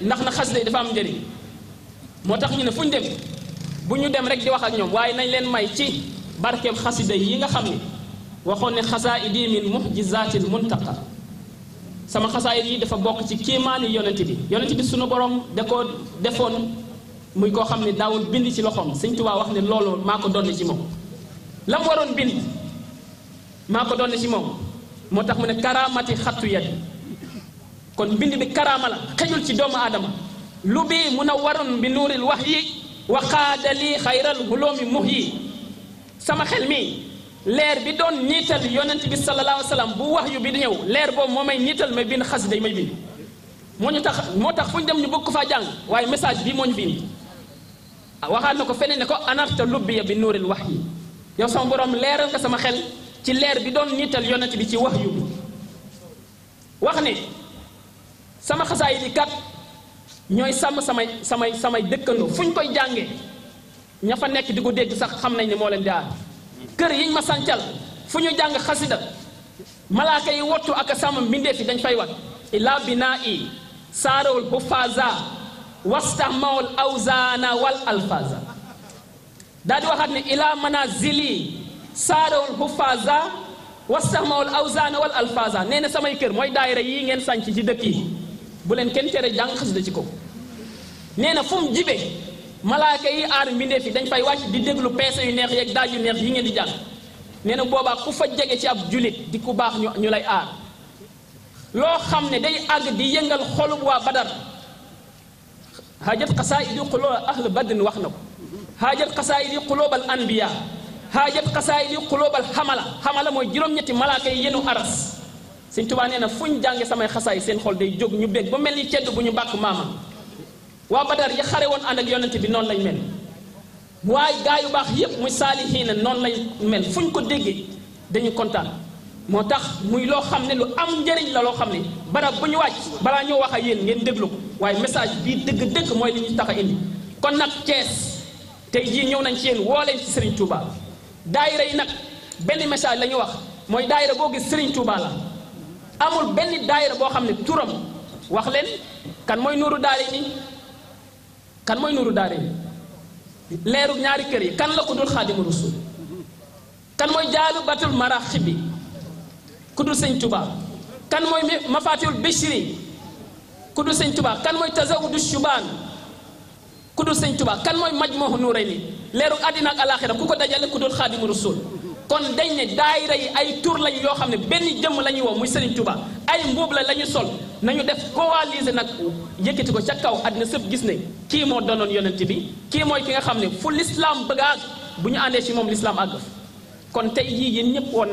ndax na xasida yi dafa am njëriñ moo tax ñu ne fu ñu dem bu ñu dem rek di wax ak ñoom waaye nañ leen may ci barkeem xasida yi nga xam ne waxoon ne xasaa xasaayidi min muxjizaatil muntaqa sama xasaa yi dafa bokk ci kéemaani yonent bi yonent bi suñu borom da koo defoon muy koo xam ne daawul bind ci loxoom Sëñ waa wax ne looloon maa ko doon ci moom la mu waroon bind maa ko doon ci moom moo tax mu ne karaamati xatu yadi kon bind bi karaama la xejul ci doomu aadama lu bi mun a waroon bi nuuril wax yi waxaada lii xayral huloomi mux yi sama xel mi leer bi doon ñiital yonent bi sallallahu alayhi wa bu wax yu bi ñëw leer boobu moo may ñiital may bind xasida day may bind moo ñu tax moo tax fu ñu dem ñu bëgg ko faa jàng waaye message bii moo ñu fi indi waxaat na ko feneen ne ko anarta lubbiya bi nuuril wax yi yow sama borom leeral ka sama xel ci leer bi doon ñiital yonent bi ci wax yu bi wax ne sama xasaay li kat ñooy sàmm samay samay samay dëkkandoo fu ñu koy jàngee ña fa nekk di ko dégg sax xam nañ ne moo leen di aar kër yiñ ma sancal fu ñu jàng xasida malaaka yi wottu ak sàmm mbindeef yi dañ fay wat ilaa binaa i saarawul bu faza wastahmawul awzaana wal alfaza daal di waxaat ne ilaa manazili saarawul bu faza wastahmawul awzaana wal alfaza nee na samay kër mooy daayira yii ngeen sanc ci dëkk yi bu leen kenn tere jàng xasida ci ko nee na fu mu malaaka yi aar mbindeef yi dañ fay wàcc di déglu peese yu neex yeeg daaj yu neex yi ngeen di jàng nee na boobaa ku fa jege ci ab julit di ku baax ñu ñu lay aar loo xam ne day àgg di yëngal xolub waa badar xaajat xasaayidi xuloo ahl badrin wax na ko xaajat xasaayidi xuloobal anbiya xaajat xasaayidi xuloobal xamala xamala mooy juróom-ñetti malaaka yi yenu aras sëñ tubaa nee na fu ñu jànge samay xasaay seen xol day jóg ñu bég ba mel ni cedd bu ñu bàkk maama waa badar ya xare woon ànd ak yonent bi noonu lañ mel waaye gaa yu baax yépp muy saalihiina noonu lañ mel fu ñu ko déggee dañu kontaan moo tax muy loo xam ne lu am njëriñ la loo xam ne barab bu ñu wàcc balaa ñoo wax ak yeen ngeen déglu ko waaye message bii dëgg-dëgg mooy li ñu tax indi kon nag Thiès te jii ñëw nañ ci yéen woo leen ci Serigne Touba daayira yi nag benn message la ñu wax mooy daayira boo gis Serigne amul benn daayira boo xam ne turam wax leen kan mooy nuuru daare ni kan mooy nuuru daare leeru ñaari kër yi kan la ku dul xaadimu rasul kan mooy jaalu batul maraxi bi ku dul sëñ Tuba kan mooy mafaatiwul bishri ku dul sëñ Tuba kan mooy tasawudu shubaan ku dul sëñ Tuba kan mooy majmuhu nuurayni leeru àddina ak alaaxira ku ko dajale ku dul xaadimu rasul kon dañ ne daayira yi ay tur lañ yoo xam ne benn jëmm la ñuy woo muy Serigne Touba ay mbuub la la ñu sol nañu def coaliser nag yëkkati ko ca kaw àddina sëpp gis ne kii moo doonoon yonent bi kii mooy ki nga xam ne fu lislaam bëgg a àgg bu ñu àndee ci moom lislaam àgg kon tey jii yéen ñëpp woon